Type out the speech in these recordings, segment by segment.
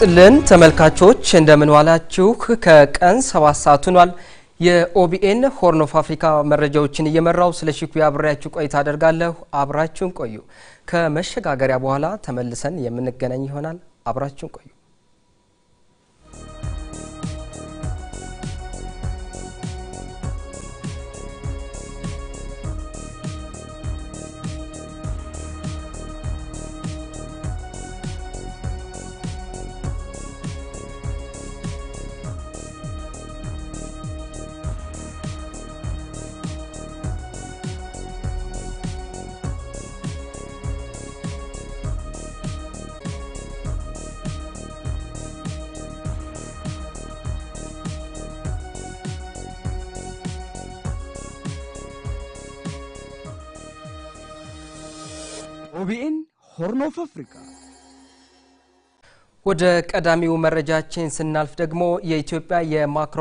ይስጥልን ተመልካቾች እንደምን ዋላችሁ። ከቀን ሰባት ሰዓት ሆኗል። የኦቢኤን ሆርን ኦፍ አፍሪካ መረጃዎችን እየመራው ስለ ሺኩ አብሬያችሁ ቆይታ አደርጋለሁ። አብራችሁን ቆዩ። ከመሸጋገሪያ በኋላ ተመልሰን የምንገናኝ ይሆናል። አብራችሁን ቆዩ። ሆርን ኦፍ አፍሪካ። ወደ ቀዳሚው መረጃችን ስናልፍ ደግሞ የኢትዮጵያ የማክሮ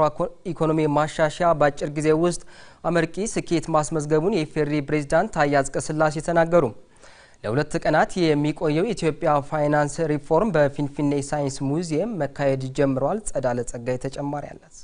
ኢኮኖሚ ማሻሻያ በአጭር ጊዜ ውስጥ አመርቂ ስኬት ማስመዝገቡን የኢፌዴሪ ፕሬዝዳንት ታዬ አጽቀሥላሴ ተናገሩ። ለሁለት ቀናት የሚቆየው የኢትዮጵያ ፋይናንስ ሪፎርም በፊንፊኔ ሳይንስ ሙዚየም መካሄድ ጀምሯል። ጸዳለ ጸጋይ ተጨማሪ አላት።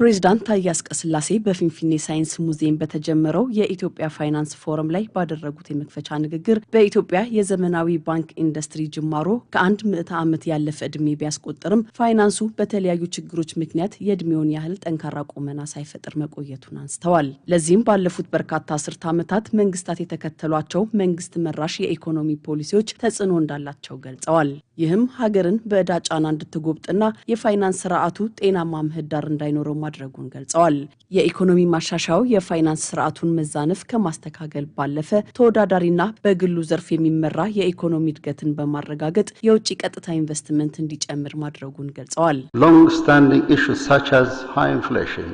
ፕሬዚዳንት ታዬ አጽቀሥላሴ በፊንፊኔ ሳይንስ ሙዚየም በተጀመረው የኢትዮጵያ ፋይናንስ ፎረም ላይ ባደረጉት የመክፈቻ ንግግር በኢትዮጵያ የዘመናዊ ባንክ ኢንዱስትሪ ጅማሮ ከአንድ ምዕተ ዓመት ያለፈ ዕድሜ ቢያስቆጥርም ፋይናንሱ በተለያዩ ችግሮች ምክንያት የዕድሜውን ያህል ጠንካራ ቁመና ሳይፈጥር መቆየቱን አንስተዋል። ለዚህም ባለፉት በርካታ አስርት ዓመታት መንግስታት የተከተሏቸው መንግስት መራሽ የኢኮኖሚ ፖሊሲዎች ተጽዕኖ እንዳላቸው ገልጸዋል። ይህም ሀገርን በዕዳ ጫና እንድትጎብጥና የፋይናንስ ስርዓቱ ጤናማ ምህዳር እንዳይኖረው ማድረጉን ገልጸዋል። የኢኮኖሚ ማሻሻያው የፋይናንስ ስርዓቱን መዛነፍ ከማስተካከል ባለፈ ተወዳዳሪና በግሉ ዘርፍ የሚመራ የኢኮኖሚ እድገትን በማረጋገጥ የውጭ ቀጥታ ኢንቨስትመንት እንዲጨምር ማድረጉን ገልጸዋል። ሎንግ ስታንዲንግ ኢሹስ ሳች አዝ ሃይ ኢንፍሌሽን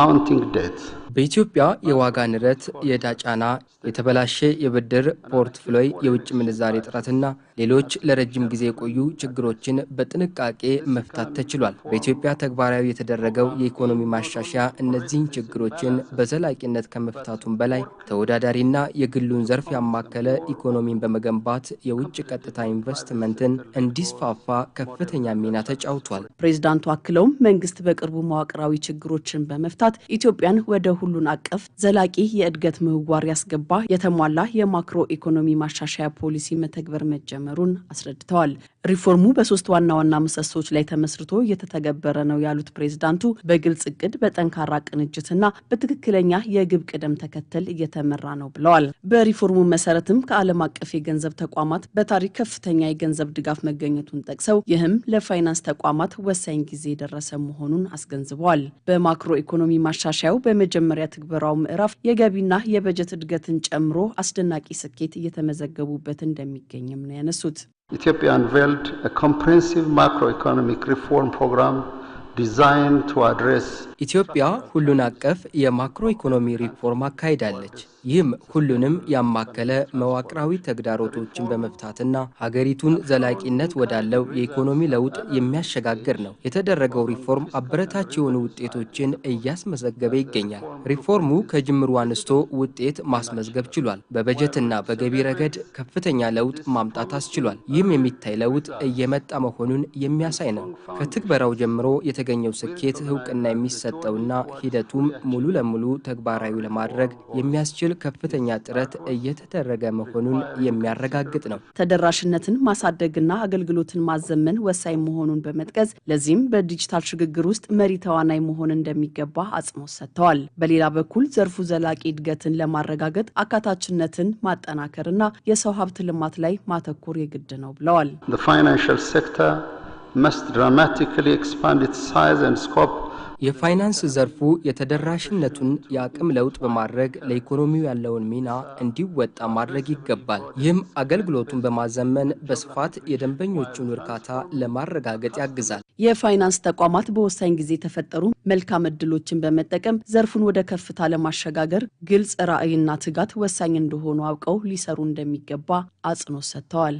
ማውንቲንግ ዴት በኢትዮጵያ የዋጋ ንረት፣ የዕዳ ጫና፣ የተበላሸ የብድር ፖርትፍሎይ፣ የውጭ ምንዛሬ ጥረትና ሌሎች ለረጅም ጊዜ የቆዩ ችግሮችን በጥንቃቄ መፍታት ተችሏል። በኢትዮጵያ ተግባራዊ የተደረገው የኢኮኖሚ ማሻሻያ እነዚህን ችግሮችን በዘላቂነት ከመፍታቱም በላይ ተወዳዳሪና የግሉን ዘርፍ ያማከለ ኢኮኖሚን በመገንባት የውጭ ቀጥታ ኢንቨስትመንትን እንዲስፋፋ ከፍተኛ ሚና ተጫውቷል። ፕሬዚዳንቱ አክለውም መንግስት በቅርቡ መዋቅራዊ ችግሮችን በመፍታት ኢትዮጵያን ወደ ሁሉን አቀፍ ዘላቂ የእድገት ምህዋር ያስገባ የተሟላ የማክሮ ኢኮኖሚ ማሻሻያ ፖሊሲ መተግበር መጀመሩን አስረድተዋል። ሪፎርሙ በሶስት ዋና ዋና ምሰሶች ላይ ተመስርቶ እየተተገበረ ነው ያሉት ፕሬዝዳንቱ በግልጽ እቅድ፣ በጠንካራ ቅንጅትና በትክክለኛ የግብ ቅደም ተከተል እየተመራ ነው ብለዋል። በሪፎርሙ መሰረትም ከዓለም አቀፍ የገንዘብ ተቋማት በታሪክ ከፍተኛ የገንዘብ ድጋፍ መገኘቱን ጠቅሰው ይህም ለፋይናንስ ተቋማት ወሳኝ ጊዜ የደረሰ መሆኑን አስገንዝበዋል። በማክሮ ኢኮኖሚ ማሻሻያው በመጀመ የመጀመሪያ ትግበራው ምዕራፍ የገቢና የበጀት እድገትን ጨምሮ አስደናቂ ስኬት እየተመዘገቡበት እንደሚገኝም ነው ያነሱት። ኢትዮጵያ unveiled ኮምፕሬንሲቭ ማክሮ ኢኮኖሚክ ሪፎርም ፕሮግራም ኢትዮጵያ ሁሉን አቀፍ የማክሮ ኢኮኖሚ ሪፎርም አካሂዳለች። ይህም ሁሉንም ያማከለ መዋቅራዊ ተግዳሮቶችን በመፍታትና ሀገሪቱን ዘላቂነት ወዳለው የኢኮኖሚ ለውጥ የሚያሸጋግር ነው። የተደረገው ሪፎርም አበረታች የሆኑ ውጤቶችን እያስመዘገበ ይገኛል። ሪፎርሙ ከጅምሩ አንስቶ ውጤት ማስመዝገብ ችሏል። በበጀትና በገቢ ረገድ ከፍተኛ ለውጥ ማምጣት አስችሏል። ይህም የሚታይ ለውጥ እየመጣ መሆኑን የሚያሳይ ነው። ከትግበራው ጀምሮ የተ ለተገኘው ስኬት እውቅና የሚሰጠውና ሂደቱም ሙሉ ለሙሉ ተግባራዊ ለማድረግ የሚያስችል ከፍተኛ ጥረት እየተደረገ መሆኑን የሚያረጋግጥ ነው። ተደራሽነትን ማሳደግና አገልግሎትን ማዘመን ወሳኝ መሆኑን በመጥቀስ ለዚህም በዲጂታል ሽግግር ውስጥ መሪ ተዋናይ መሆን እንደሚገባ አጽንኦት ሰጥተዋል። በሌላ በኩል ዘርፉ ዘላቂ እድገትን ለማረጋገጥ አካታችነትን ማጠናከርና የሰው ሀብት ልማት ላይ ማተኮር የግድ ነው ብለዋል። must dramatically expand its size and scope የፋይናንስ ዘርፉ የተደራሽነቱን የአቅም ለውጥ በማድረግ ለኢኮኖሚው ያለውን ሚና እንዲወጣ ማድረግ ይገባል። ይህም አገልግሎቱን በማዘመን በስፋት የደንበኞቹን እርካታ ለማረጋገጥ ያግዛል። የፋይናንስ ተቋማት በወሳኝ ጊዜ የተፈጠሩ መልካም እድሎችን በመጠቀም ዘርፉን ወደ ከፍታ ለማሸጋገር ግልጽ ራዕይና ትጋት ወሳኝ እንደሆኑ አውቀው ሊሰሩ እንደሚገባ አጽንኦት ሰጥተዋል።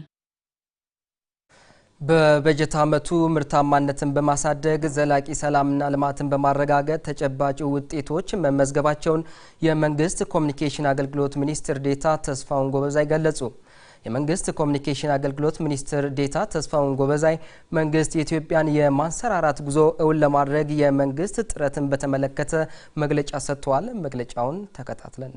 በበጀት ዓመቱ ምርታማነትን በማሳደግ ዘላቂ ሰላምና ልማትን በማረጋገጥ ተጨባጭ ውጤቶች መመዝገባቸውን የመንግስት ኮሚኒኬሽን አገልግሎት ሚኒስትር ዴታ ተስፋውን ጎበዛይ ገለጹ። የመንግስት ኮሚኒኬሽን አገልግሎት ሚኒስትር ዴታ ተስፋውን ጎበዛይ መንግስት የኢትዮጵያን የማንሰራራት ጉዞ እውን ለማድረግ የመንግስት ጥረትን በተመለከተ መግለጫ ሰጥተዋል። መግለጫውን ተከታትለን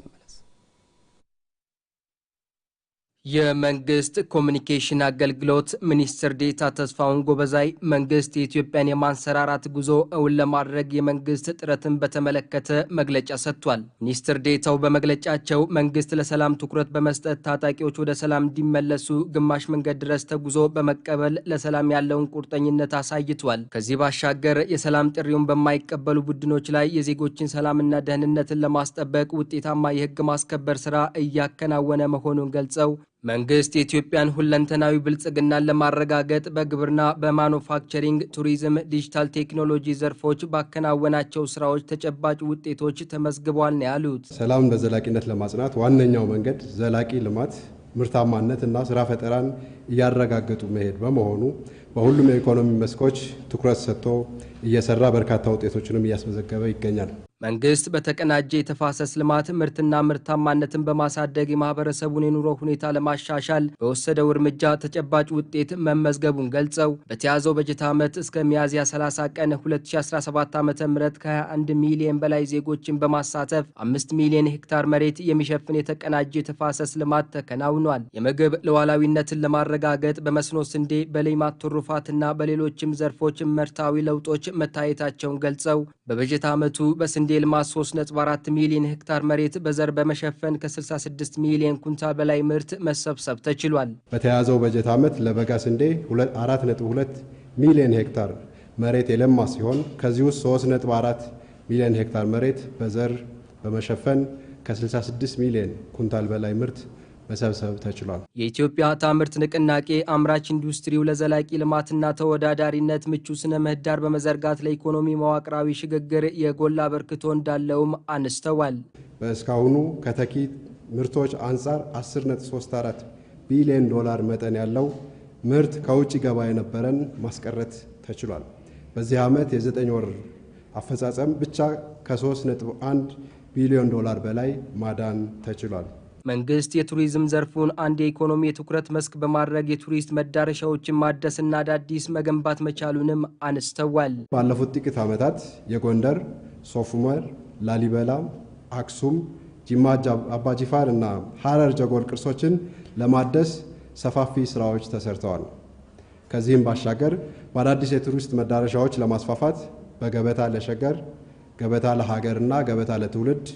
የመንግስት ኮሚኒኬሽን አገልግሎት ሚኒስትር ዴታ ተስፋውን ጎበዛይ መንግስት የኢትዮጵያን የማንሰራራት ጉዞ እውን ለማድረግ የመንግስት ጥረትን በተመለከተ መግለጫ ሰጥቷል። ሚኒስትር ዴታው በመግለጫቸው መንግስት ለሰላም ትኩረት በመስጠት ታጣቂዎች ወደ ሰላም እንዲመለሱ ግማሽ መንገድ ድረስ ተጉዞ በመቀበል ለሰላም ያለውን ቁርጠኝነት አሳይቷል። ከዚህ ባሻገር የሰላም ጥሪውን በማይቀበሉ ቡድኖች ላይ የዜጎችን ሰላምና ደህንነትን ለማስጠበቅ ውጤታማ የህግ ማስከበር ስራ እያከናወነ መሆኑን ገልጸው መንግስት የኢትዮጵያን ሁለንተናዊ ብልጽግናን ለማረጋገጥ በግብርና፣ በማኑፋክቸሪንግ፣ ቱሪዝም፣ ዲጂታል ቴክኖሎጂ ዘርፎች ባከናወናቸው ስራዎች ተጨባጭ ውጤቶች ተመዝግቧል ነው ያሉት። ሰላምን በዘላቂነት ለማጽናት ዋነኛው መንገድ ዘላቂ ልማት፣ ምርታማነት እና ስራ ፈጠራን እያረጋገጡ መሄድ በመሆኑ በሁሉም የኢኮኖሚ መስኮች ትኩረት ሰጥቶ እየሰራ በርካታ ውጤቶችንም እያስመዘገበ ይገኛል። መንግስት በተቀናጀ የተፋሰስ ልማት ምርትና ምርታማነትን በማሳደግ የማህበረሰቡን የኑሮ ሁኔታ ለማሻሻል በወሰደው እርምጃ ተጨባጭ ውጤት መመዝገቡን ገልጸው በተያዘው በጀት ዓመት እስከ ሚያዝያ 30 ቀን 2017 ዓ ም ከ21 ሚሊዮን በላይ ዜጎችን በማሳተፍ 5 ሚሊዮን ሄክታር መሬት የሚሸፍን የተቀናጀ የተፋሰስ ልማት ተከናውኗል። የምግብ ሉዓላዊነትን ለማረጋገጥ በመስኖ ስንዴ፣ በሌማት ትሩፋትና በሌሎችም ዘርፎች ምርታዊ ለውጦች መታየታቸውን ገልጸው በበጀት ዓመቱ በስንዴ የስንዴ ልማት 3.4 ሚሊዮን ሄክታር መሬት በዘር በመሸፈን ከ66 ሚሊዮን ኩንታል በላይ ምርት መሰብሰብ ተችሏል። በተያዘው በጀት ዓመት ለበጋ ስንዴ 4.2 ሚሊዮን ሄክታር መሬት የለማ ሲሆን ከዚህ ውስጥ 3.4 ሚሊዮን ሄክታር መሬት በዘር በመሸፈን ከ66 ሚሊዮን ኩንታል በላይ ምርት መሰብሰብ ተችሏል። የኢትዮጵያ ታምርት ንቅናቄ አምራች ኢንዱስትሪው ለዘላቂ ልማትና ተወዳዳሪነት ምቹ ስነ ምህዳር በመዘርጋት ለኢኮኖሚ መዋቅራዊ ሽግግር የጎላ አበርክቶ እንዳለውም አነስተዋል። በእስካሁኑ ከተኪ ምርቶች አንጻር 10.34 ቢሊዮን ዶላር መጠን ያለው ምርት ከውጭ ገባ የነበረን ማስቀረት ተችሏል። በዚህ ዓመት የዘጠኝ ወር አፈጻጸም ብቻ ከ3.1 ቢሊዮን ዶላር በላይ ማዳን ተችሏል። መንግስት የቱሪዝም ዘርፉን አንድ የኢኮኖሚ የትኩረት መስክ በማድረግ የቱሪስት መዳረሻዎችን ማደስና አዳዲስ መገንባት መቻሉንም አነስተዋል። ባለፉት ጥቂት ዓመታት የጎንደር፣ ሶፍ ዑመር፣ ላሊበላ፣ አክሱም፣ ጅማ አባጂፋር እና ሀረር ጀጎል ቅርሶችን ለማደስ ሰፋፊ ስራዎች ተሰርተዋል። ከዚህም ባሻገር በአዳዲስ የቱሪስት መዳረሻዎች ለማስፋፋት በገበታ ለሸገር፣ ገበታ ለሀገርና ገበታ ለትውልድ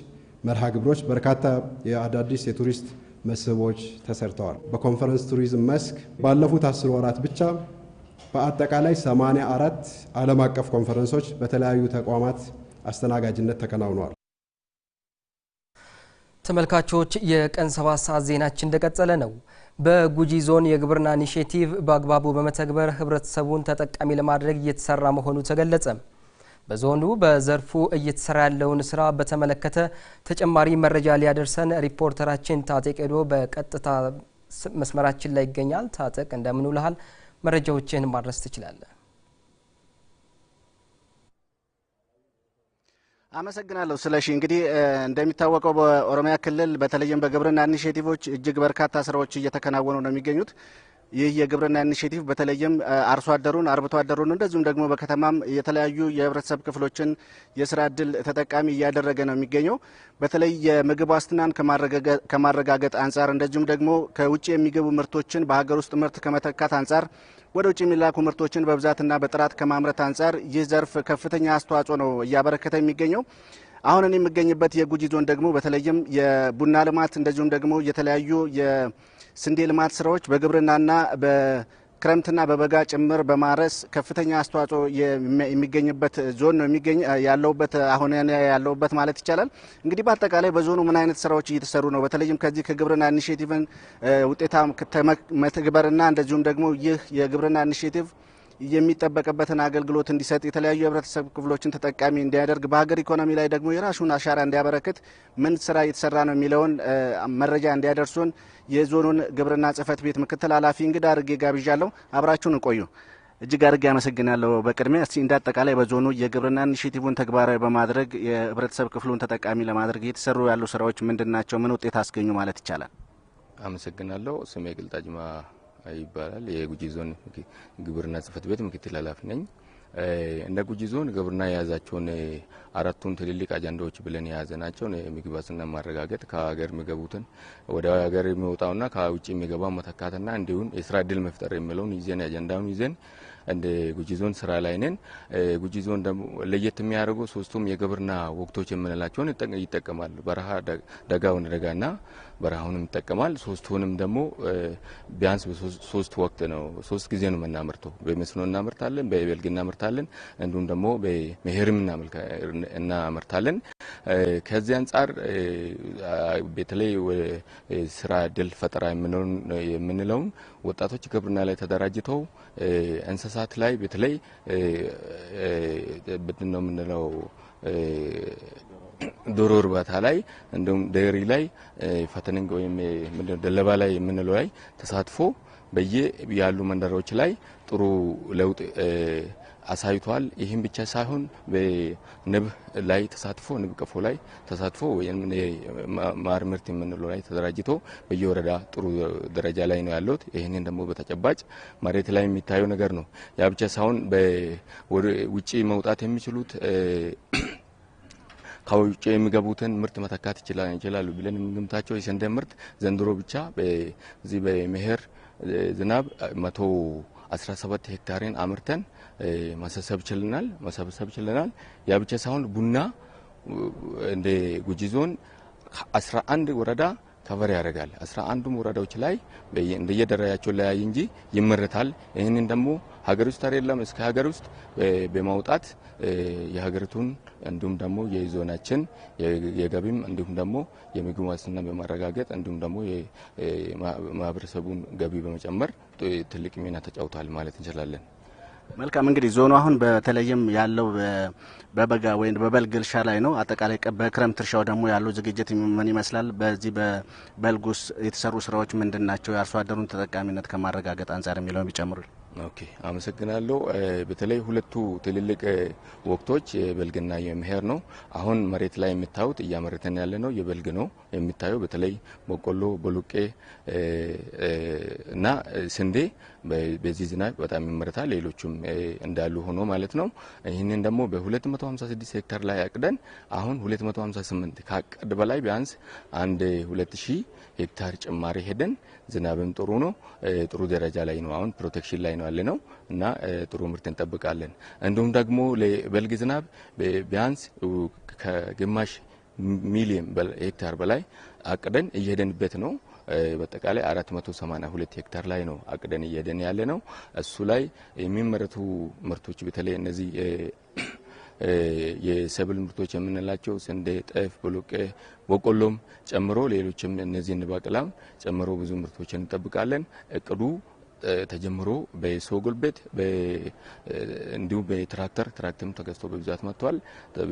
መርሃ ግብሮች በርካታ የአዳዲስ የቱሪስት መስህቦች ተሰርተዋል። በኮንፈረንስ ቱሪዝም መስክ ባለፉት አስር ወራት ብቻ በአጠቃላይ 84 ዓለም አቀፍ ኮንፈረንሶች በተለያዩ ተቋማት አስተናጋጅነት ተከናውኗል። ተመልካቾች የቀን ሰባት ሰዓት ዜናችን እንደቀጠለ ነው። በጉጂ ዞን የግብርና ኢኒሽቲቭ በአግባቡ በመተግበር ህብረተሰቡን ተጠቃሚ ለማድረግ እየተሰራ መሆኑ ተገለጸ። በዞኑ በዘርፉ እየተሰራ ያለውን ስራ በተመለከተ ተጨማሪ መረጃ ሊያደርሰን ሪፖርተራችን ታጠቅ ሄዶ በቀጥታ መስመራችን ላይ ይገኛል። ታጠቅ እንደምን ውልሃል? መረጃዎችን ማድረስ ትችላለህ? አመሰግናለሁ ስለሺ። እንግዲህ እንደሚታወቀው በኦሮሚያ ክልል በተለይም በግብርና ኢኒሼቲቮች እጅግ በርካታ ስራዎች እየተከናወኑ ነው የሚገኙት። ይህ የግብርና ኢኒሽቲቭ በተለይም አርሶ አደሩን አርብቶ አደሩን እንደዚሁም ደግሞ በከተማም የተለያዩ የህብረተሰብ ክፍሎችን የስራ እድል ተጠቃሚ እያደረገ ነው የሚገኘው። በተለይ የምግብ ዋስትናን ከማረጋገጥ አንጻር እንደዚሁም ደግሞ ከውጭ የሚገቡ ምርቶችን በሀገር ውስጥ ምርት ከመተካት አንጻር ወደ ውጭ የሚላኩ ምርቶችን በብዛትና በጥራት ከማምረት አንጻር ይህ ዘርፍ ከፍተኛ አስተዋጽኦ ነው እያበረከተ የሚገኘው። አሁን እኔ የምገኝበት የጉጂ ዞን ደግሞ በተለይም የቡና ልማት እንደዚሁም ደግሞ የተለያዩ የስንዴ ልማት ስራዎች በግብርናና በክረምትና በበጋ ጭምር በማረስ ከፍተኛ አስተዋጽኦ የሚገኝበት ዞን ነው የሚገኝ ያለውበት አሁን ያለውበት ማለት ይቻላል። እንግዲህ በአጠቃላይ በዞኑ ምን አይነት ስራዎች እየተሰሩ ነው? በተለይም ከዚህ ከግብርና ኢኒሽቲቭን ውጤታ መተግበርና እንደዚሁም ደግሞ ይህ የግብርና ኢኒሽቲቭ የሚጠበቅበትን አገልግሎት እንዲሰጥ የተለያዩ የህብረተሰብ ክፍሎችን ተጠቃሚ እንዲያደርግ በሀገር ኢኮኖሚ ላይ ደግሞ የራሱን አሻራ እንዲያበረክት ምን ስራ እየተሰራ ነው የሚለውን መረጃ እንዲያደርሱን የዞኑን ግብርና ጽህፈት ቤት ምክትል ኃላፊ እንግዳ አድርጌ ጋብዣለሁ። አብራችሁን እቆዩ። እጅግ አድርጌ አመሰግናለሁ። በቅድሚያ እስቲ እንደ አጠቃላይ በዞኑ የግብርና ኢኒሽቲቭን ተግባራዊ በማድረግ የህብረተሰብ ክፍሉን ተጠቃሚ ለማድረግ እየተሰሩ ያሉ ስራዎች ምንድን ናቸው? ምን ውጤት አስገኙ ማለት ይቻላል? አመሰግናለሁ። ስሜ ግልጣጅማ ይባላል። የጉጂ ዞን ግብርና ጽህፈት ቤት ምክትል ኃላፊ ነኝ። እንደ ጉጂ ዞን ግብርና የያዛቸውን አራቱን ትልልቅ አጀንዳዎች ብለን የያዘ ናቸው። ምግብ ዋስትናን ማረጋገጥ፣ ከሀገር የሚገቡትን ወደ ሀገር የሚወጣውና ከውጭ የሚገባ መተካትና እንዲሁም የስራ እድል መፍጠር የሚለውን ይዘን አጀንዳውን ይዘን እንደ ጉጂ ዞን ስራ ላይ ነን። ጉጂ ዞን ደግሞ ለየት የሚያደርጉ ሶስቱም የግብርና ወቅቶች የምንላቸውን ይጠቀማል። በረሃ፣ ደጋውን ደጋና በረሃውንም ይጠቀማል። ሶስቱንም ደግሞ ቢያንስ ሶስት ወቅት ነው ሶስት ጊዜ ነው የምናመርተው። በመስኖ እናመርታለን፣ በበልግ እናመርታለን፣ እንዲሁም ደግሞ በመኸርም እናመርታለን። ከዚህ አንጻር በተለይ ስራ እድል ፈጠራ የምንለውን ወጣቶች ግብርና ላይ ተደራጅተው እንስሳት ላይ በተለይ ምንድን ነው የምንለው ዶሮ እርባታ ላይ እንዲሁም ደሪ ላይ ፈተንንግ ወይም ደለባ ላይ የምንለው ላይ ተሳትፎ በየ ያሉ መንደሮች ላይ ጥሩ ለውጥ አሳይቷል። ይህም ብቻ ሳይሆን በንብ ላይ ተሳትፎ ንብ ቀፎ ላይ ተሳትፎ ወይም ማር ምርት የምንለው ላይ ተደራጅቶ በየወረዳ ጥሩ ደረጃ ላይ ነው ያለው። ይህንን ደግሞ በተጨባጭ መሬት ላይ የሚታየው ነገር ነው። ያ ብቻ ሳይሆን ውጭ መውጣት የሚችሉት ከውጭ የሚገቡትን ምርት መተካት ይችላሉ ብለን የምንገምታቸው የስንዴ ምርት ዘንድሮ ብቻ በዚህ በመኸር ዝናብ መቶ 17 ሄክታርን አምርተን መሰብሰብ ችለናል መሰብሰብ ችለናል። ያ ብቻ ሳይሆን ቡና እንደ ጉጂ ዞን 11 ወረዳ ከበር ያደርጋል። አስራ አንዱም ወረዳዎች ላይ እንደየደረጃቸው ለያይ እንጂ ይመረታል። ይህንን ደግሞ ሀገር ውስጥ አይደለም እስከ ሀገር ውስጥ በማውጣት የሀገሪቱን እንዲሁም ደግሞ የዞናችን የገቢም እንዲሁም ደግሞ የምግብ ዋስትና በማረጋገጥ እንዲሁም ደግሞ የማህበረሰቡን ገቢ በመጨመር ትልቅ ሚና ተጫውቷል ማለት እንችላለን። መልካም እንግዲህ ዞኑ አሁን በተለይም ያለው በበጋ ወይም በበልግ እርሻ ላይ ነው። አጠቃላይ በክረምት እርሻው ደግሞ ያለው ዝግጅት ምን ይመስላል? በዚህ በበልጉስ የተሰሩ ስራዎች ምንድን ናቸው? የአርሶ አደሩን ተጠቃሚነት ከማረጋገጥ አንጻር የሚለውን ይጨምሩል። ኦኬ አመሰግናለሁ። በተለይ ሁለቱ ትልልቅ ወቅቶች የበልግና የምሄር ነው። አሁን መሬት ላይ የምታዩት እያመረተን ያለ ነው የበልግ ነው። የሚታየው በተለይ በቆሎ፣ በሉቄ እና ስንዴ በዚህ ዝናብ በጣም ይመረታል። ሌሎችም እንዳሉ ሆኖ ማለት ነው። ይህንን ደግሞ በ256 ሄክታር ላይ አቅደን አሁን 258 ከአቅድ በላይ ቢያንስ አንድ 2000 ሄክታር ጭማሪ ሄደን ዝናብም ጥሩ ነው። ጥሩ ደረጃ ላይ ነው። አሁን ፕሮቴክሽን ላይ ነው ያለ ነው እና ጥሩ ምርት እንጠብቃለን። እንዲሁም ደግሞ ለበልግ ዝናብ ቢያንስ ከግማሽ ሚሊዮን ሄክታር በላይ አቅደን እየሄደንበት ነው። በአጠቃላይ 482 ሄክታር ላይ ነው አቅደን እየሄደን ያለ ነው። እሱ ላይ የሚመረቱ ምርቶች በተለይ እነዚህ የሰብል ምርቶች የምንላቸው ስንዴ፣ ጤፍ፣ ቦሎቄ፣ በቆሎም ጨምሮ ሌሎችም እነዚህን ባቅላም ጨምሮ ብዙ ምርቶች እንጠብቃለን እቅዱ ተጀምሮ በሰው ጉልበት እንዲሁም በትራክተር ትራክተርም ተገዝቶ በብዛት መጥቷል።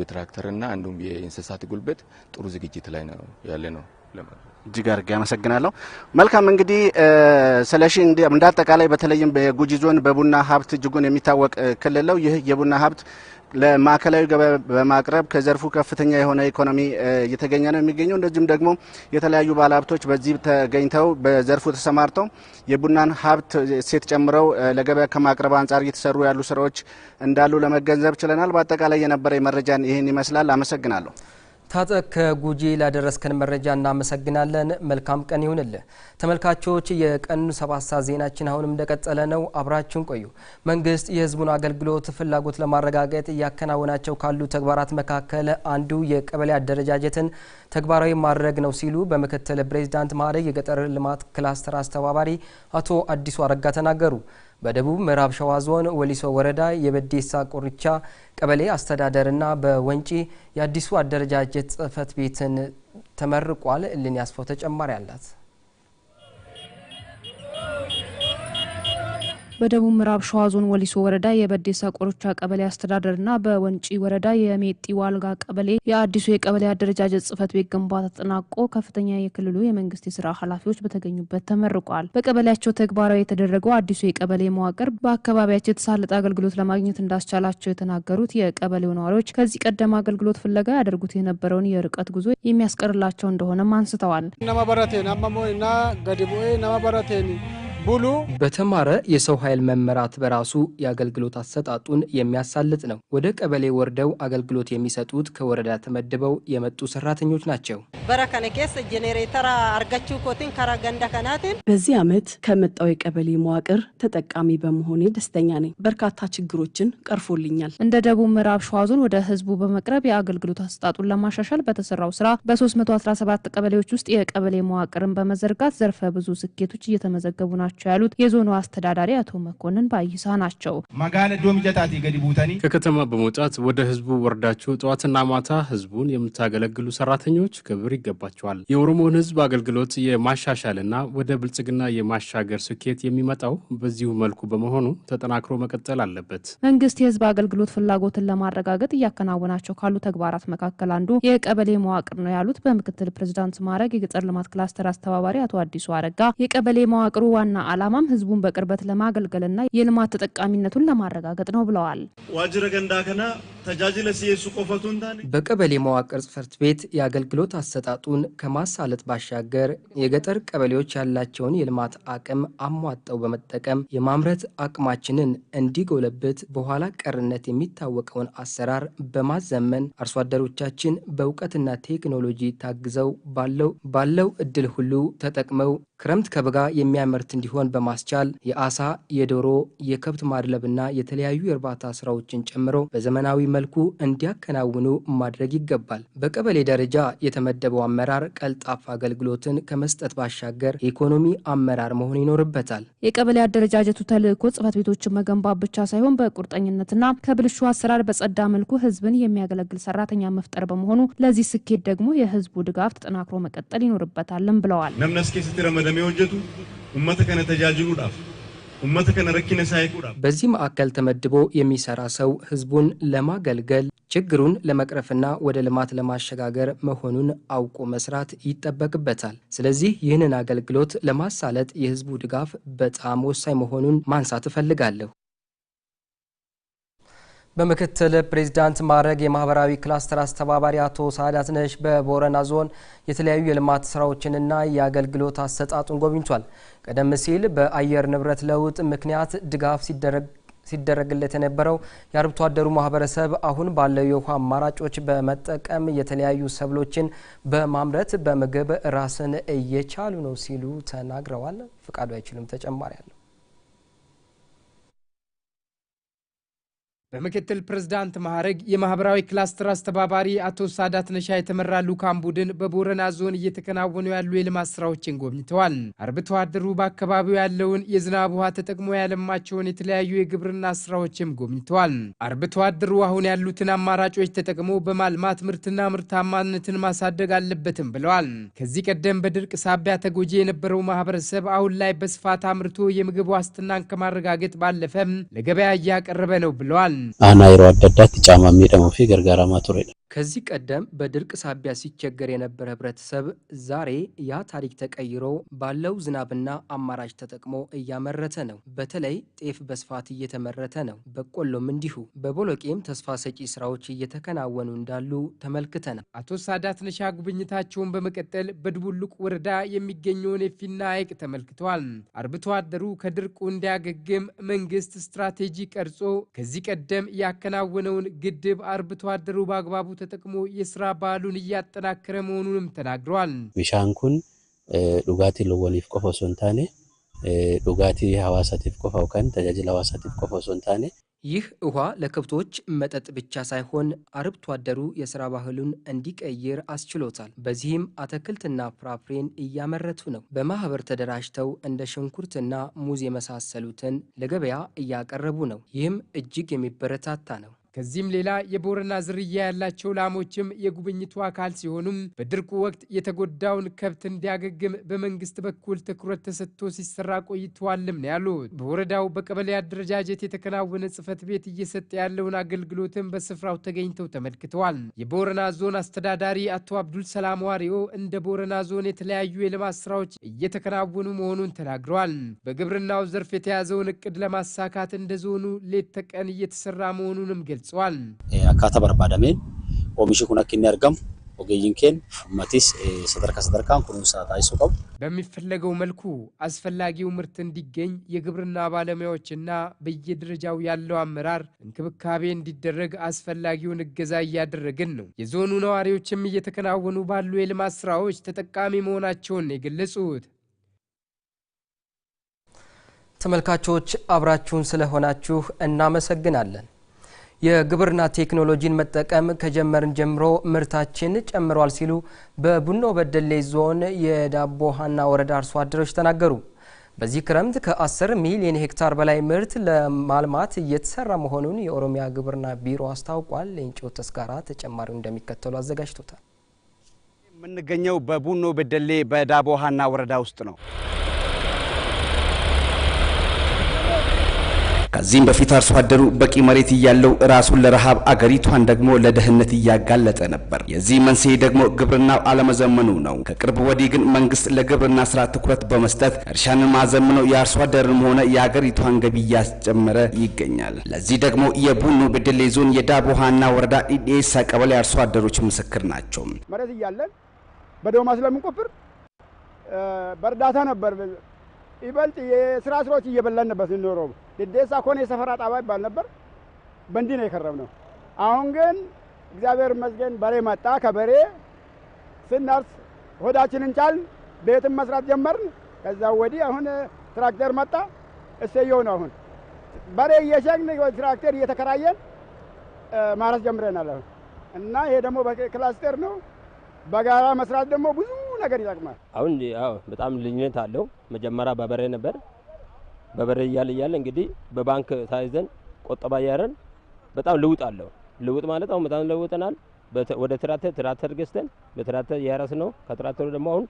በትራክተርና እንዲሁም የእንስሳት ጉልበት ጥሩ ዝግጅት ላይ ነው ያለ ነው። እጅግ አድርጌ አመሰግናለሁ። መልካም እንግዲህ ስለሺ፣ እንደ በተለይም የጉጂ ዞን በቡና ሀብት እጅጉን የሚታወቅ ክልል ነው። ይህ የቡና ሀብት ለማዕከላዊ ገበያ በማቅረብ ከዘርፉ ከፍተኛ የሆነ ኢኮኖሚ እየተገኘ ነው የሚገኘው። እንደዚሁም ደግሞ የተለያዩ ባለሀብቶች በዚህ ተገኝተው በዘርፉ ተሰማርተው የቡናን ሀብት እሴት ጨምረው ለገበያ ከማቅረብ አንጻር እየተሰሩ ያሉ ስራዎች እንዳሉ ለመገንዘብ ችለናል። በአጠቃላይ የነበረ መረጃን ይህን ይመስላል። አመሰግናለሁ። ታጠቅ ከጉጂ ላደረስከን መረጃ እናመሰግናለን። መልካም ቀን ይሁንልህ። ተመልካቾች የቀኑ ሰባት ሰዓት ዜናችን አሁንም እንደቀጠለ ነው። አብራችሁን ቆዩ። መንግስት የህዝቡን አገልግሎት ፍላጎት ለማረጋገጥ እያከናወናቸው ካሉ ተግባራት መካከል አንዱ የቀበሌ አደረጃጀትን ተግባራዊ ማድረግ ነው ሲሉ በምክትል ፕሬዚዳንት ማዕረግ የገጠር ልማት ክላስተር አስተባባሪ አቶ አዲሱ አረጋ ተናገሩ። በደቡብ ምዕራብ ሸዋ ዞን ወሊሶ ወረዳ የበዴሳ ቁርቻ ቀበሌ አስተዳደርና በወንጪ የአዲሱ አደረጃጀት ጽፈት ቤትን ተመርቋል። ልን ያስፈው ተጨማሪ አላት። በደቡብ ምዕራብ ሸዋ ዞን ወሊሶ ወረዳ የበዴሳ ቆሮቻ ቀበሌ አስተዳደርና በወንጪ ወረዳ የሜጢ ዋልጋ ቀበሌ የአዲሱ የቀበሌ አደረጃጀት ጽህፈት ቤት ግንባታ ተጠናቆ ከፍተኛ የክልሉ የመንግስት የስራ ኃላፊዎች በተገኙበት ተመርቋል። በቀበሌያቸው ተግባራዊ የተደረገው አዲሱ የቀበሌ መዋቅር በአካባቢያቸው የተሳለጠ አገልግሎት ለማግኘት እንዳስቻላቸው የተናገሩት የቀበሌው ነዋሪዎች ከዚህ ቀደም አገልግሎት ፍለጋ ያደርጉት የነበረውን የርቀት ጉዞ የሚያስቀርላቸው እንደሆነም አንስተዋል። ሙሉ በተማረ የሰው ኃይል መመራት በራሱ የአገልግሎት አሰጣጡን የሚያሳልጥ ነው። ወደ ቀበሌ ወርደው አገልግሎት የሚሰጡት ከወረዳ ተመድበው የመጡ ሰራተኞች ናቸው። ጄኔሬተር ኮቲን ከናትን በዚህ ዓመት ከመጣው የቀበሌ መዋቅር ተጠቃሚ በመሆኔ ደስተኛ ነኝ። በርካታ ችግሮችን ቀርፎልኛል። እንደ ደቡብ ምዕራብ ሸዋ ዞን ወደ ህዝቡ በመቅረብ የአገልግሎት አሰጣጡን ለማሻሻል በተሰራው ስራ በ317 ቀበሌዎች ውስጥ የቀበሌ መዋቅርን በመዘርጋት ዘርፈ ብዙ ስኬቶች እየተመዘገቡ ናቸው። ናቸው ያሉት የዞኑ አስተዳዳሪ አቶ መኮንን ባይሳ ናቸው። ከከተማ በመውጣት ወደ ህዝቡ ወርዳችሁ ጠዋትና ማታ ህዝቡን የምታገለግሉ ሰራተኞች ክብር ይገባቸዋል። የኦሮሞን ህዝብ አገልግሎት የማሻሻልና ወደ ብልጽግና የማሻገር ስኬት የሚመጣው በዚሁ መልኩ በመሆኑ ተጠናክሮ መቀጠል አለበት። መንግስት የህዝብ አገልግሎት ፍላጎትን ለማረጋገጥ እያከናወናቸው ካሉ ተግባራት መካከል አንዱ የቀበሌ መዋቅር ነው ያሉት በምክትል ፕሬዚዳንት ማዕረግ የገጠር ልማት ክላስተር አስተባባሪ አቶ አዲሱ አረጋ የቀበሌ መዋቅሩ ዋና ዋና ዓላማም ህዝቡን በቅርበት ለማገልገልና የልማት ተጠቃሚነቱን ለማረጋገጥ ነው ብለዋል። ዋጅረ ገንዳ ከና በቀበሌ መዋቅር ጽሕፈት ቤት የአገልግሎት አሰጣጡን ከማሳለጥ ባሻገር የገጠር ቀበሌዎች ያላቸውን የልማት አቅም አሟጠው በመጠቀም የማምረት አቅማችንን እንዲጎለብት በኋላ ቀርነት የሚታወቀውን አሰራር በማዘመን አርሶ አደሮቻችን በእውቀትና ቴክኖሎጂ ታግዘው ባለው ባለው እድል ሁሉ ተጠቅመው ክረምት ከበጋ የሚያመርት እንዲሆን በማስቻል የአሳ፣ የዶሮ፣ የከብት ማድለብና የተለያዩ የእርባታ ስራዎችን ጨምሮ በዘመናዊ መልኩ እንዲያከናውኑ ማድረግ ይገባል። በቀበሌ ደረጃ የተመደበው አመራር ቀልጣፋ አገልግሎትን ከመስጠት ባሻገር የኢኮኖሚ አመራር መሆን ይኖርበታል። የቀበሌ አደረጃጀቱ ተልእኮ ጽሕፈት ቤቶችን መገንባት ብቻ ሳይሆን በቁርጠኝነትና ከብልሹ አሰራር በጸዳ መልኩ ህዝብን የሚያገለግል ሰራተኛ መፍጠር በመሆኑ ለዚህ ስኬት ደግሞ የህዝቡ ድጋፍ ተጠናክሮ መቀጠል ይኖርበታልም ብለዋል። ነምነስኬ ስትረመደሜ ወጀቱ ኡመተ ከነ ተጃጅሉ ዳፍ በዚህ ማዕከል ተመድቦ የሚሰራ ሰው ህዝቡን ለማገልገል ችግሩን ለመቅረፍና ወደ ልማት ለማሸጋገር መሆኑን አውቆ መስራት ይጠበቅበታል። ስለዚህ ይህንን አገልግሎት ለማሳለጥ የህዝቡ ድጋፍ በጣም ወሳኝ መሆኑን ማንሳት እፈልጋለሁ። በምክትል ፕሬዚዳንት ማዕረግ የማህበራዊ ክላስተር አስተባባሪ አቶ ነሽ በቦረና ዞን የተለያዩ የልማት ስራዎችንና የአገልግሎት አሰጣጡን ጎብኝቷል። ቀደም ሲል በአየር ንብረት ለውጥ ምክንያት ድጋፍ ሲደረግለት የነበረው የአርብቶ አደሩ ማህበረሰብ አሁን ባለው የውሃ አማራጮች በመጠቀም የተለያዩ ሰብሎችን በማምረት በምግብ ራስን እየቻሉ ነው ሲሉ ተናግረዋል። ፍቃዱ አይችሉም ተጨማሪ በምክትል ፕሬዝዳንት ማዕረግ የማህበራዊ ክላስተር አስተባባሪ አቶ ሳዳት ነሻ የተመራ ልዑካን ቡድን በቦረና ዞን እየተከናወኑ ያሉ የልማት ስራዎችን ጎብኝተዋል። አርብቶ አደሩ በአካባቢው ያለውን የዝናብ ውሃ ተጠቅሞ ያለማቸውን የተለያዩ የግብርና ስራዎችም ጎብኝተዋል። አርብቶ አደሩ አሁን ያሉትን አማራጮች ተጠቅሞ በማልማት ምርትና ምርታማነትን ማሳደግ አለበትም ብለዋል። ከዚህ ቀደም በድርቅ ሳቢያ ተጎጂ የነበረው ማህበረሰብ አሁን ላይ በስፋት አምርቶ የምግብ ዋስትናን ከማረጋገጥ ባለፈም ለገበያ እያቀረበ ነው ብለዋል። አናይሮ አዳዳት ጫማሜ ፊ ገርጋራማ ቱሬዳ ከዚህ ቀደም በድርቅ ሳቢያ ሲቸገር የነበረ ህብረተሰብ ዛሬ ያ ታሪክ ተቀይሮ ባለው ዝናብና አማራጭ ተጠቅሞ እያመረተ ነው። በተለይ ጤፍ በስፋት እየተመረተ ነው። በቆሎም እንዲሁ። በቦሎቄም ተስፋ ሰጪ ስራዎች እየተከናወኑ እንዳሉ ተመልክተናል። አቶ ሳዳት ነሻ ጉብኝታቸውን በመቀጠል በድቡልቅ ወረዳ የሚገኘውን የፊና ሐይቅ ተመልክተዋል። አርብቶ አደሩ ከድርቁ እንዲያገግም መንግስት ስትራቴጂ ቀርጾ ከዚህ ቀደም ቀደም ያከናወነውን ግድብ አርብቶ አደሩ በአግባቡ ተጠቅሞ የስራ ባህሉን እያጠናከረ መሆኑንም ተናግረዋል። ቢሻንኩን ዱጋቲ ልወሊፍ ቆፎ ሶንታኔ ዱጋቲ ሀዋሳቲፍ ቆፋው ከን ተጃጅል ሀዋሳቲፍ ቆፎ ሶንታኔ ይህ ውሃ ለከብቶች መጠጥ ብቻ ሳይሆን አርብቶ አደሩ የሥራ ባህሉን እንዲቀይር አስችሎታል። በዚህም አትክልትና ፍራፍሬን እያመረቱ ነው። በማህበር ተደራጅተው እንደ ሽንኩርትና ሙዝ የመሳሰሉትን ለገበያ እያቀረቡ ነው። ይህም እጅግ የሚበረታታ ነው። ከዚህም ሌላ የቦረና ዝርያ ያላቸው ላሞችም የጉብኝቱ አካል ሲሆኑም በድርቁ ወቅት የተጎዳውን ከብት እንዲያገግም በመንግስት በኩል ትኩረት ተሰጥቶ ሲሰራ ቆይተዋልም ነው ያሉት። በወረዳው በቀበሌ አደረጃጀት የተከናወነ ጽህፈት ቤት እየሰጠ ያለውን አገልግሎትም በስፍራው ተገኝተው ተመልክተዋል። የቦረና ዞን አስተዳዳሪ አቶ አብዱል ሰላም ዋሪዮ እንደ ቦረና ዞን የተለያዩ የልማት ስራዎች እየተከናወኑ መሆኑን ተናግረዋል። በግብርናው ዘርፍ የተያዘውን እቅድ ለማሳካት እንደ ዞኑ ሌት ተቀን እየተሰራ መሆኑንም ገል ገልጿል። አካታ በርባዳሜን ኦሚሽ ኩን አኪኒ ኦገይንኬን መቲስ ሰደርካ ሰደርካን ኩኑን ታይሶ ቀቡ በሚፈለገው መልኩ አስፈላጊው ምርት እንዲገኝ የግብርና ባለሙያዎችና በየደረጃው ያለው አመራር እንክብካቤ እንዲደረግ አስፈላጊውን እገዛ እያደረግን ነው። የዞኑ ነዋሪዎችም እየተከናወኑ ባሉ የልማት ስራዎች ተጠቃሚ መሆናቸውን የገለጹት ተመልካቾች አብራችሁን ስለሆናችሁ እናመሰግናለን። የግብርና ቴክኖሎጂን መጠቀም ከጀመርን ጀምሮ ምርታችን ጨምሯል ሲሉ በቡኖ በደሌ ዞን የዳቦ ሀና ወረዳ አርሶ አደሮች ተናገሩ። በዚህ ክረምት ከ10 ሚሊዮን ሄክታር በላይ ምርት ለማልማት እየተሰራ መሆኑን የኦሮሚያ ግብርና ቢሮ አስታውቋል። ሌንጮ ተስጋራ ተጨማሪው እንደሚከተሉ አዘጋጅቶታል። የምንገኘው በቡኖ በደሌ በዳቦ ሀና ወረዳ ውስጥ ነው። ከዚህም በፊት አርሶ አደሩ በቂ መሬት እያለው ራሱን ለረሃብ አገሪቷን ደግሞ ለደህንነት እያጋለጠ ነበር። የዚህ መንስኤ ደግሞ ግብርናው አለመዘመኑ ነው። ከቅርብ ወዲህ ግን መንግስት ለግብርና ስራ ትኩረት በመስጠት እርሻን ማዘምነው የአርሶ አደርንም ሆነ የአገሪቷን ገቢ እያስጨመረ ይገኛል። ለዚህ ደግሞ የቡኑ ብድሌ ዞን የዳብ ውሃና ወረዳ ኢዴሳ ቀበሌ አርሶ አደሮች ምስክር ናቸው። መሬት እያለን በዶማ ስለምንቆፍር በእርዳታ ነበር ይበልጥ የስራ ስራዎች እየበላን ነበር ስንኖረው ልደሳ ኮን የሰፈራ ጣባ ይባል ነበር። በእንዲህ ነው የከረም ነው። አሁን ግን እግዚአብሔር ይመስገን በሬ መጣ። ከበሬ ስናርስ ሆዳችንን ቻል፣ ቤትም መስራት ጀመርን። ከዛ ወዲህ አሁን ትራክተር መጣ። እሰየው ነው። አሁን በሬ እየሸግን ትራክተር እየተከራየን ማረስ ጀምረናል አሁን እና ይሄ ደግሞ በክላስተር ነው። በጋራ መስራት ደግሞ ብዙ ነገር ይጠቅማል። አሁን በጣም ልዩነት አለው። መጀመሪያ በበሬ ነበር። በበረ እያለ እያለ እንግዲህ በባንክ ሳይዘን ቆጠባ እያረን በጣም ልውጥ አለው። ልውጥ ማለት አሁን በጣም ለውጠናል። ወደ ትራክተር ትራክተር ገዝተን በትራክተር እያረስ ነው። ከትራክተሩ ደግሞ አሁን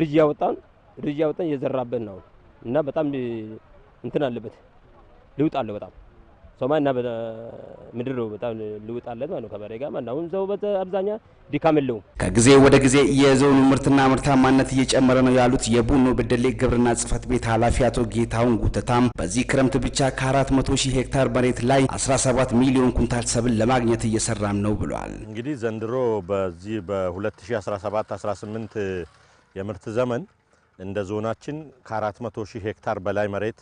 ርጅ ያወጣን ርጅ ያወጣን እየዘራበት ነው እና በጣም እንትን አለበት ልውጥ አለው በጣም ሶማና ምድር በጣም ልውጣለት ማለት ነው ከበሬ ጋር ማለት አሁን ዘው በአብዛኛ ድካም የለውም። ከጊዜ ወደ ጊዜ የዞኑ ምርትና ምርታማነት እየጨመረ ነው ያሉት የቡኖ በደሌ ግብርና ጽህፈት ቤት ኃላፊ አቶ ጌታሁን ጉተታም በዚህ ክረምት ብቻ ከ400 ሺህ ሄክታር መሬት ላይ 17 ሚሊዮን ኩንታል ሰብል ለማግኘት እየሰራም ነው ብሏል። እንግዲህ ዘንድሮ በዚህ በ2017-18 የምርት ዘመን እንደ ዞናችን ከ400 ሺህ ሄክታር በላይ መሬት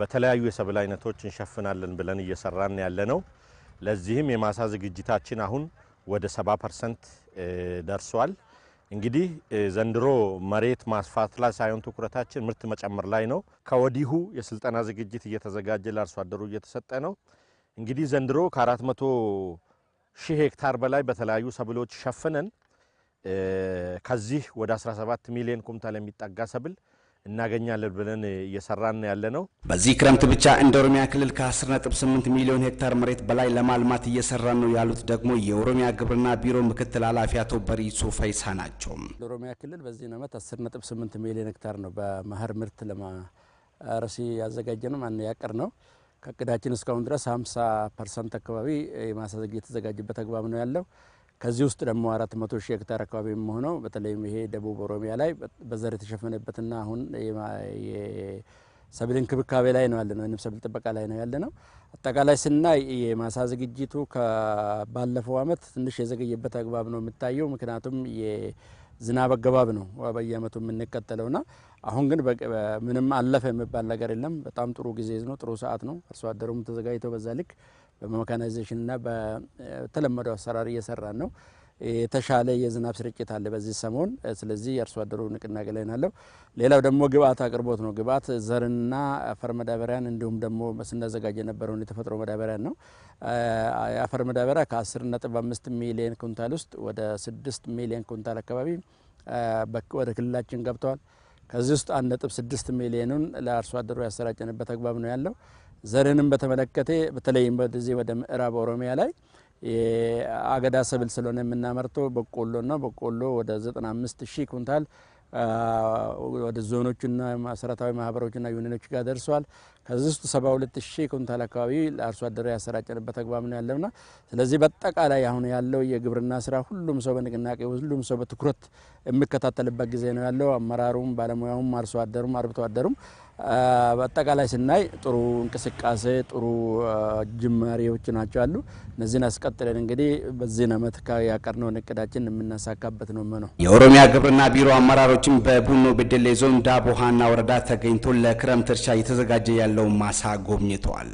በተለያዩ የሰብል አይነቶች እንሸፍናለን ብለን እየሰራን ያለ ነው። ለዚህም የማሳ ዝግጅታችን አሁን ወደ 70 ፐርሰንት ደርሷል። እንግዲህ ዘንድሮ መሬት ማስፋት ላይ ሳይሆን ትኩረታችን ምርት መጨመር ላይ ነው። ከወዲሁ የስልጠና ዝግጅት እየተዘጋጀ ለአርሶ አደሩ እየተሰጠ ነው። እንግዲህ ዘንድሮ ከ400 ሺህ ሄክታር በላይ በተለያዩ ሰብሎች ሸፍነን ከዚህ ወደ 17 ሚሊዮን ኩንታል የሚጠጋ ሰብል እናገኛለን ብለን እየሰራን ያለ ነው። በዚህ ክረምት ብቻ እንደ ኦሮሚያ ክልል ከ10.8 ሚሊዮን ሄክታር መሬት በላይ ለማልማት እየሰራን ነው ያሉት ደግሞ የኦሮሚያ ግብርና ቢሮ ምክትል ኃላፊ አቶ በሪ ሱፈይሳ ናቸው። እንደ ኦሮሚያ ክልል በዚህ ዓመት 10.8 ሚሊዮን ሄክታር ነው በመኸር ምርት ለማረስ ያዘጋጀ ነው ማን ያቀር ነው ከእቅዳችን እስካሁን ድረስ 50 ፐርሰንት አካባቢ የማሳዘግ የተዘጋጀበት አግባብ ነው ያለው ከዚህ ውስጥ ደግሞ አራት መቶ ሺህ ሄክታር አካባቢ የሚሆነው በተለይም ይሄ ደቡብ ኦሮሚያ ላይ በዘር የተሸፈነበትና አሁን ሰብል እንክብካቤ ላይ ነው ያለ ነው ወይም ሰብል ጥበቃ ላይ ነው ያለ ነው። አጠቃላይ ስናይ የማሳ ዝግጅቱ ከባለፈው አመት ትንሽ የዘገየበት አግባብ ነው የሚታየው። ምክንያቱም የዝናብ አገባብ ነው በየአመቱ በየዓመቱ ና አሁን ግን ምንም አለፈ የሚባል ነገር የለም። በጣም ጥሩ ጊዜ ነው፣ ጥሩ ሰዓት ነው። አርሶ አደሩም ተዘጋጅተው በዛ ልክ በሜካናይዜሽንና በተለመደው አሰራር እየሰራን ነው። የተሻለ የዝናብ ስርጭት አለ በዚህ ሰሞን። ስለዚህ የአርሶ አደሩ ንቅናቄ ላይ ናለው። ሌላው ደግሞ ግብአት አቅርቦት ነው። ግብአት ዘርና አፈር መዳበሪያን እንዲሁም ደግሞ ስናዘጋጅ የነበረውን የተፈጥሮ መዳበሪያን ነው። የአፈር መዳበሪያ ከ10 ነጥብ 5 ሚሊዮን ኩንታል ውስጥ ወደ 6 ሚሊዮን ኩንታል አካባቢ ወደ ክልላችን ገብተዋል። ከዚህ ውስጥ አንድ ነጥብ ስድስት ሚሊዮኑን ለአርሶ አደሩ ያሰራጨንበት አግባብ ነው ያለው። ዘርንም በተመለከተ በተለይም በዚህ ወደ ምዕራብ ኦሮሚያ ላይ አገዳ ሰብል ስለሆነ የምናመርተው በቆሎ ነው። በቆሎ ወደ 95 ሺህ ኩንታል ወደ ዞኖቹና መሰረታዊ ማህበሮችና ዩኒኖች ጋር ደርሰዋል። ከዚህ ውስጥ 72 ሺህ ኩንታል አካባቢ ለአርሶ አደር ያሰራጨንበት አግባብ ነው ያለውና ስለዚህ በአጠቃላይ አሁን ያለው የግብርና ስራ ሁሉም ሰው በንቅናቄ ሁሉም ሰው በትኩረት የሚከታተልበት ጊዜ ነው ያለው። አመራሩም፣ ባለሙያውም፣ አርሶ አደሩም አርብቶ አደሩም በአጠቃላይ ስናይ ጥሩ እንቅስቃሴ ጥሩ ጅማሬዎች ናቸው አሉ። እነዚህን አስቀጥለን እንግዲህ በዚህን ዓመት ያቀድነውን እቅዳችን የምናሳካበት ነው መነው። የኦሮሚያ ግብርና ቢሮ አመራሮችም በቡኖ በደሌ ዞን ዳቦሃና ወረዳ ተገኝቶ ለክረምት እርሻ እየተዘጋጀ ያለውን ማሳ ጎብኝተዋል።